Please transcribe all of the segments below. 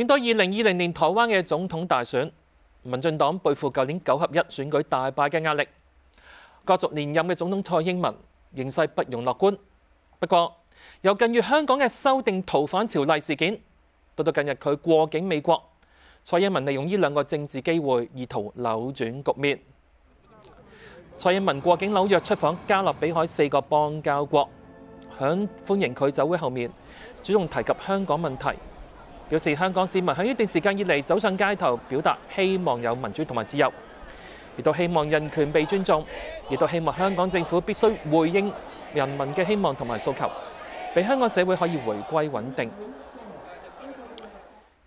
面對二零二零年台灣嘅總統大選，民進黨背負舊年九合一選舉大敗嘅壓力，角逐連任嘅總統蔡英文形勢不容樂觀。不過，由近月香港嘅修訂逃犯條例事件，到到近日佢過境美國，蔡英文利用呢兩個政治機會，意圖扭轉局面。蔡英文過境紐約出訪加勒比海四個邦交國，響歡迎佢酒會後面，主動提及香港問題。表示香港市民喺一段時間以嚟走上街頭，表達希望有民主同埋自由，亦都希望人權被尊重，亦都希望香港政府必須回應人民嘅希望同埋訴求，俾香港社會可以回歸穩定。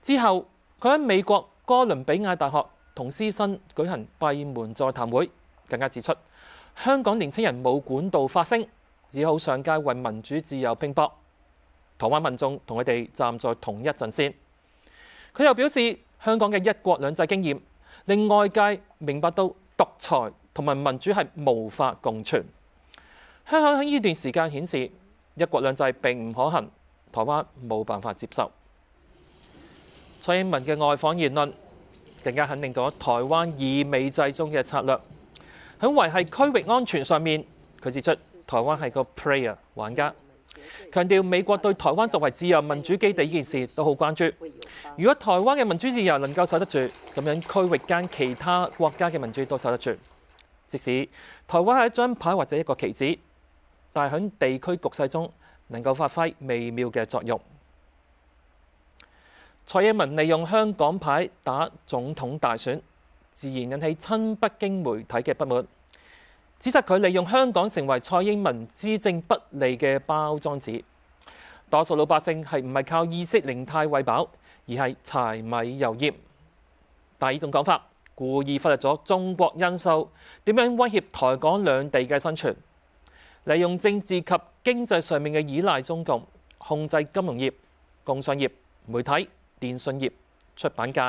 之後，佢喺美國哥倫比亞大學同師生舉行閉門座談會，更加指出香港年輕人冇管道發聲，只好上街為民主自由拼搏。台灣民眾同佢哋站在同一陣線。佢又表示，香港嘅一國兩制經驗令外界明白到獨裁同埋民主係無法共存。香港喺呢段時間顯示一國兩制並唔可行，台灣冇辦法接受。蔡英文嘅外訪言論更加肯定咗台灣以美制中嘅策略。喺維係區域安全上面，佢指出台灣係個 player 玩家。強調美國對台灣作為自由民主基地呢件事都好關注。如果台灣嘅民主自由能夠守得住，咁樣區域間其他國家嘅民主都守得住。即使台灣係一張牌或者一個棋子，但係喺地區局勢中能夠發揮微妙嘅作用。蔡英文利用香港牌打總統大選，自然引起親北京媒體嘅不滿。指責佢利用香港成為蔡英文施政不利嘅包裝紙，多數老百姓係唔係靠意識形態餵飽，而係柴米油鹽。第二種講法故意忽略咗中國因素，點樣威脅台港兩地嘅生存？利用政治及經濟上面嘅依賴中共，控制金融業、工商業、媒體、電信業、出版界、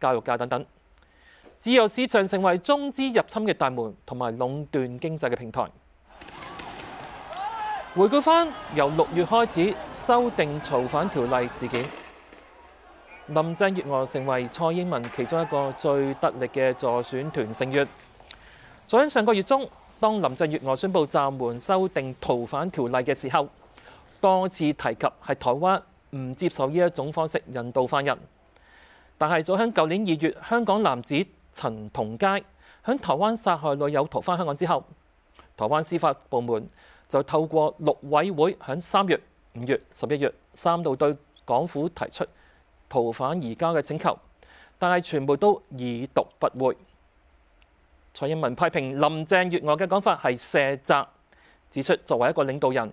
教育界等等。自由市場成為中資入侵嘅大門，同埋壟斷經濟嘅平台。回顧翻由六月開始修訂逃犯條例事件，林鄭月娥成為蔡英文其中一個最得力嘅助選團成員。早喺上個月中，當林鄭月娥宣布暫緩修訂逃犯條例嘅時候，多次提及係台灣唔接受呢一種方式引渡犯人。但係早喺舊年二月，香港男子陳同佳響台灣殺害女友逃返香港之後，台灣司法部門就透過陸委會響三月、五月、十一月三度對港府提出逃犯移交嘅請求，但係全部都已讀不回。蔡英文批評林鄭月娥嘅講法係卸責，指出作為一個領導人，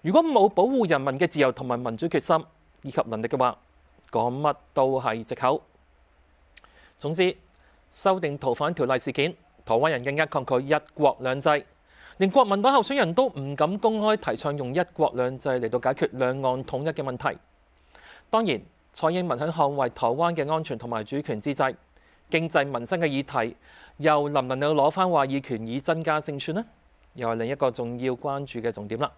如果冇保護人民嘅自由同埋民主決心以及能力嘅話，講乜都係借口。總之。修訂逃犯條例事件，台灣人更加抗拒一國兩制，連國民黨候選人都唔敢公開提倡用一國兩制嚟到解決兩岸統一嘅問題。當然，蔡英文響捍衞台灣嘅安全同埋主權之際，經濟民生嘅議題又能唔能夠攞翻話語權以增加勝算呢？又係另一個重要關注嘅重點啦。